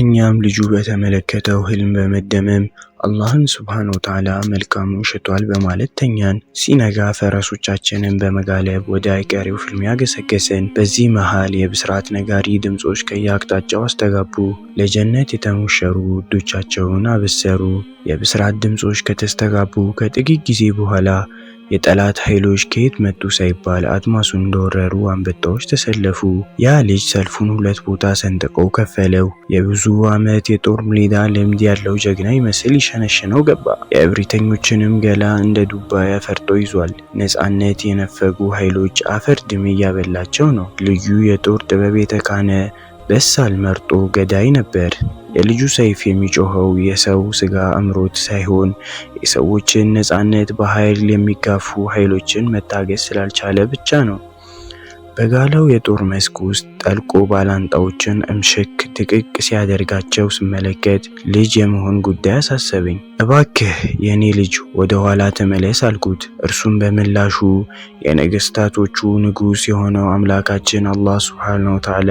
እኛም ልጁ በተመለከተው ህልም በመደመም አላህን ስብሓን ወተዓላ መልካሙ ሽቷል በማለት ተኛን። ሲነጋ ፈረሶቻችንን በመጋለብ ወደ አይቀሬው ፍልሚያ ገሰገስን። በዚህ መሃል የብስራት ነጋሪ ድምፆች ከየአቅጣጫው አስተጋቡ። ለጀነት የተሞሸሩ ውዶቻቸውን አበሰሩ። የብስራት ድምፆች ከተስተጋቡ ከጥቂት ጊዜ በኋላ የጠላት ኃይሎች ከየት መጡ ሳይባል አድማሱን እንደወረሩ አንበጣዎች ተሰለፉ። ያ ልጅ ሰልፉን ሁለት ቦታ ሰንጥቀው ከፈለው። የብዙ ዓመት የጦር ሜዳ ልምድ ያለው ጀግና ይመስል ይሸነሽነው ገባ። የእብሪተኞችንም ገላ እንደ ዱባይ አፈርጦ ይዟል። ነጻነት የነፈጉ ኃይሎች አፈር ድሜ እያበላቸው ነው። ልዩ የጦር ጥበብ የተካነ በሳል መርጦ ገዳይ ነበር። የልጁ ሰይፍ የሚጮኸው የሰው ስጋ እምሮት ሳይሆን የሰዎችን ነፃነት በኃይል የሚጋፉ ኃይሎችን መታገስ ስላልቻለ ብቻ ነው። በጋለው የጦር መስክ ውስጥ ጠልቆ ባላንጣዎችን እምሽክ ድቅቅ ሲያደርጋቸው ስመለከት ልጅ የመሆን ጉዳይ አሳሰበኝ። እባክህ የእኔ ልጅ ወደ ኋላ ተመለስ አልኩት። እርሱም በምላሹ የነገስታቶቹ ንጉሥ የሆነው አምላካችን አላህ ሱብሓነሁ ወተዓላ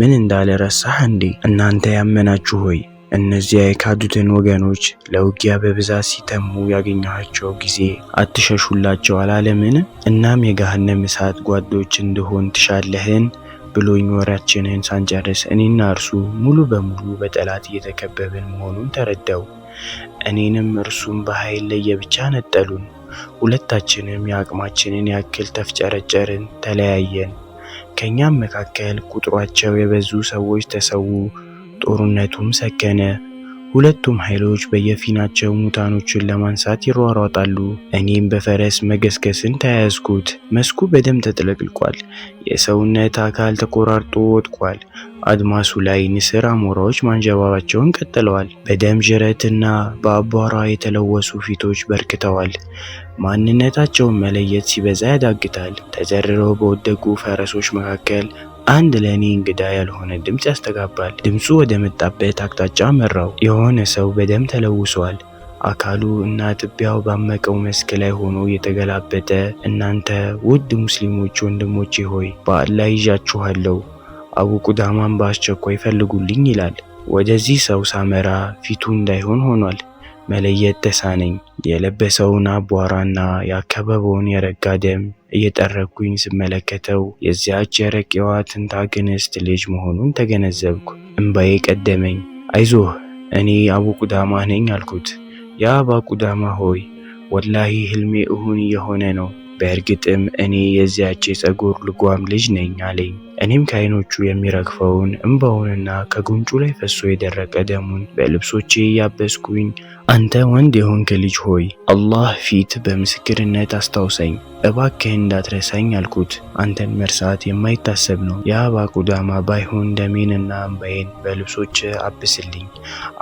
ምን እንዳለ ረሳህ እንዴ? እናንተ ያመናችሁ ሆይ እነዚያ የካዱትን ወገኖች ለውጊያ በብዛት ሲተሙ ያገኘኋቸው ጊዜ አትሸሹላቸው አላለምን? እናም የገሃነም እሳት ጓዶች እንድሆን ትሻለህን ብሎኝ ወራችንን ሳንጨርስ እኔና እርሱ ሙሉ በሙሉ በጠላት እየተከበብን መሆኑን ተረዳው። እኔንም እርሱም በኃይል ለየብቻ ነጠሉን። ሁለታችንም የአቅማችንን ያክል ተፍጨረጨርን፣ ተለያየን። ከእኛም መካከል ቁጥሯቸው የበዙ ሰዎች ተሰዉ፣ ጦርነቱም ሰከነ። ሁለቱም ኃይሎች በየፊናቸው ሙታኖችን ለማንሳት ይሯሯጣሉ። እኔም በፈረስ መገስገስን ተያያዝኩት። መስኩ በደም ተጥለቅልቋል። የሰውነት አካል ተቆራርጦ ወድቋል። አድማሱ ላይ ንስር አሞራዎች ማንዣባባቸውን ቀጥለዋል። በደም ጅረትና በአቧራ የተለወሱ ፊቶች በርክተዋል። ማንነታቸውን መለየት ሲበዛ ያዳግታል። ተዘርረው በወደቁ ፈረሶች መካከል አንድ ለእኔ እንግዳ ያልሆነ ድምፅ ያስተጋባል። ድምፁ ወደ መጣበት አቅጣጫ መራው። የሆነ ሰው በደም ተለውሷል። አካሉ እና ትቢያው ባመቀው መስክ ላይ ሆኖ የተገላበጠ። እናንተ ውድ ሙስሊሞች ወንድሞቼ ሆይ በአላ ይዣችኋለሁ፣ አቡ ቁዳማን በአስቸኳይ ፈልጉልኝ ይላል። ወደዚህ ሰው ሳመራ ፊቱ እንዳይሆን ሆኗል። መለየት ተሳነኝ። የለበሰውን አቧራና ያከበበውን የረጋ ደም እየጠረኩኝ ስመለከተው የዚያች የረቂዋ ትንታግ እንስት ልጅ መሆኑን ተገነዘብኩ። እምባዬ ቀደመኝ። አይዞህ እኔ አቡቁዳማ ነኝ አልኩት። ያ አባቁዳማ ሆይ ወላሂ ህልሜ እሁን እየሆነ ነው በእርግጥም እኔ የዚያች የጸጉር ልጓም ልጅ ነኝ አለኝ። እኔም ከዓይኖቹ የሚረግፈውን እምባውንና ከጉንጩ ላይ ፈሶ የደረቀ ደሙን በልብሶቼ እያበስኩኝ አንተ ወንድ የሆንክ ልጅ ሆይ አላህ ፊት በምስክርነት አስታውሰኝ እባክህ እንዳትረሳኝ አልኩት። አንተን መርሳት የማይታሰብ ነው። የአባ ቁዳማ ባይሆን ደሜንና እምባዬን በልብሶች አብስልኝ።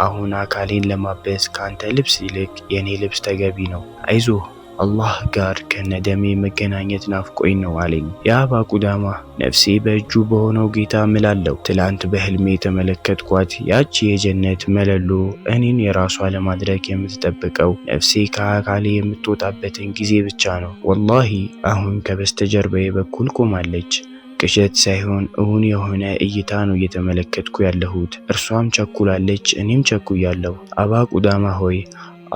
አሁን አካሌን ለማበስ ከአንተ ልብስ ይልቅ የእኔ ልብስ ተገቢ ነው። አይዞህ አላህ ጋር ከነደሜ መገናኘት ናፍቆኝ ነው አለኝ። የአባ ቁዳማ ነፍሴ በእጁ በሆነው ጌታ ምላለው። ትላንት በህልሜ የተመለከትኳት ያቺ የጀነት መለሎ እኔን የራሷ ለማድረግ የምትጠብቀው ነፍሴ ከአካሌ የምትወጣበትን ጊዜ ብቻ ነው። ወላሂ አሁን ከበስተጀርባዬ በኩል ቆማለች። ቅዠት ሳይሆን እውን የሆነ እይታ ነው እየተመለከትኩ ያለሁት። እርሷም ቸኩላለች፣ እኔም ቸኩያለሁ። አባ ቁዳማ ሆይ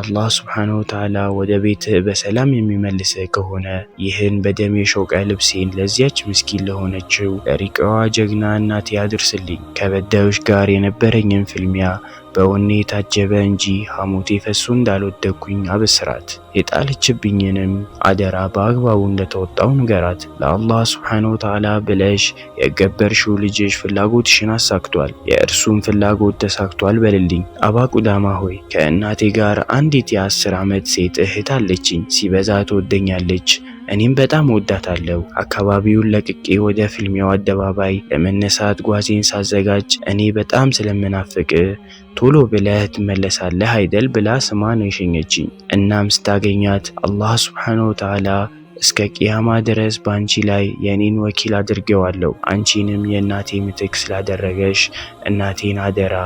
አላህ ስብሓነሁ ወተዓላ ወደ ቤትህ በሰላም የሚመልስ ከሆነ ይህን በደም የሾቀ ልብሴን ለዚያች ምስኪን ለሆነችው ለሪቃዋ ጀግና እናቴ አድርስልኝ። ከበዳዮች ጋር የነበረኝን ፍልሚያ በወኔ የታጀበ እንጂ ሐሞቴ ፈሶ እንዳልወደቅኩኝ አብስራት የጣለችብኝንም አደራ በአግባቡ እንደተወጣው ንገራት። ለአላህ ስብሓነ ወተዓላ ብለሽ የገበርሽው ልጅሽ ፍላጎትሽን አሳክቷል፣ የእርሱም ፍላጎት ተሳክቷል በልልኝ። አባቁዳማ ሆይ ከእናቴ ጋር አንዲት የአስር ዓመት ሴት እህት አለችኝ። ሲበዛ ትወደኛለች እኔም በጣም ወዳታለሁ። አካባቢውን ለቅቄ ወደ ፊልሚያው አደባባይ ለመነሳት ጓዜን ሳዘጋጅ እኔ በጣም ስለምናፍቅ ቶሎ ብለህ ትመለሳለህ አይደል ብላ ስማ ነው የሸኘችኝ። እናም ስታገኛት አላህ ሱብሓነሁ ወተዓላ እስከ ቅያማ ድረስ በአንቺ ላይ የእኔን ወኪል አድርገዋለሁ አንቺንም የእናቴ ምትክ ስላደረገሽ እናቴን አደራ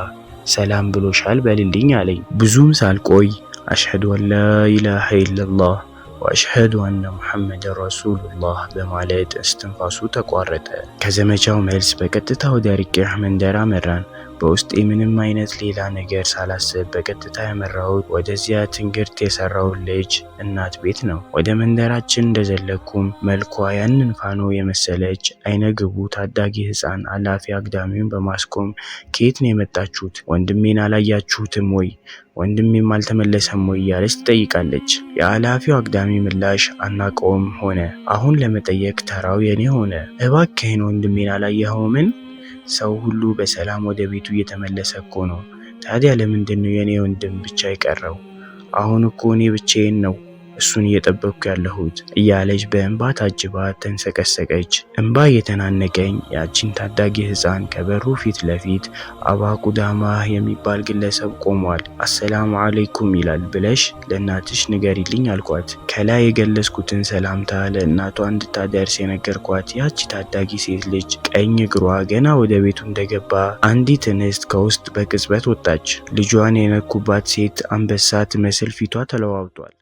ሰላም ብሎሻል በልልኝ አለኝ። ብዙም ሳልቆይ አሽሐዱ አን ላ ኢላሃ ኢለላህ ወአሽሀዱ አነ ሙሐመድ ረሱሉላህ በማለት እስትንፋሱ ተቋረጠ። ከዘመቻው መልስ በቀጥታ ወደ ሪቄሕ መንደር አመራን። በውስጤ ምንም አይነት ሌላ ነገር ሳላስብ በቀጥታ ያመራሁት ወደዚያ ትንግርት የሰራው ልጅ እናት ቤት ነው። ወደ መንደራችን እንደዘለኩም መልኳ ያንን ፋኖ የመሰለች አይነ ግቡ ታዳጊ ህፃን አላፊ አግዳሚውን በማስቆም ከየት ነው የመጣችሁት? ወንድሜን አላያችሁትም ወይ? ወንድሜም አልተመለሰም ወይ? እያለች ትጠይቃለች። የአላፊው አግዳሚ ምላሽ አናቀውም ሆነ። አሁን ለመጠየቅ ተራው የኔ ሆነ። እባክህን ወንድሜን አላየኸውምን? ሰው ሁሉ በሰላም ወደ ቤቱ እየተመለሰ እኮ ነው። ታዲያ ለምንድን ነው የእኔ ወንድም ብቻ የቀረው? አሁን እኮ እኔ ብቻዬን ነው እሱን እየጠበቅኩ ያለሁት እያለች በእንባ ታጅባ ተንሰቀሰቀች። እንባ እየተናነቀኝ ያቺን ታዳጊ ህፃን ከበሩ ፊት ለፊት አባ ቁዳማ የሚባል ግለሰብ ቆሟል። አሰላሙ አለይኩም ይላል ብለሽ ለእናትሽ ንገሪልኝ አልኳት። ከላይ የገለጽኩትን ሰላምታ ለእናቷ እንድታደርስ የነገርኳት ያቺ ታዳጊ ሴት ልጅ ቀኝ እግሯ ገና ወደ ቤቱ እንደገባ አንዲት እንስት ከውስጥ በቅጽበት ወጣች። ልጇን የነኩባት ሴት አንበሳ ትመስል ፊቷ ተለዋውጧል።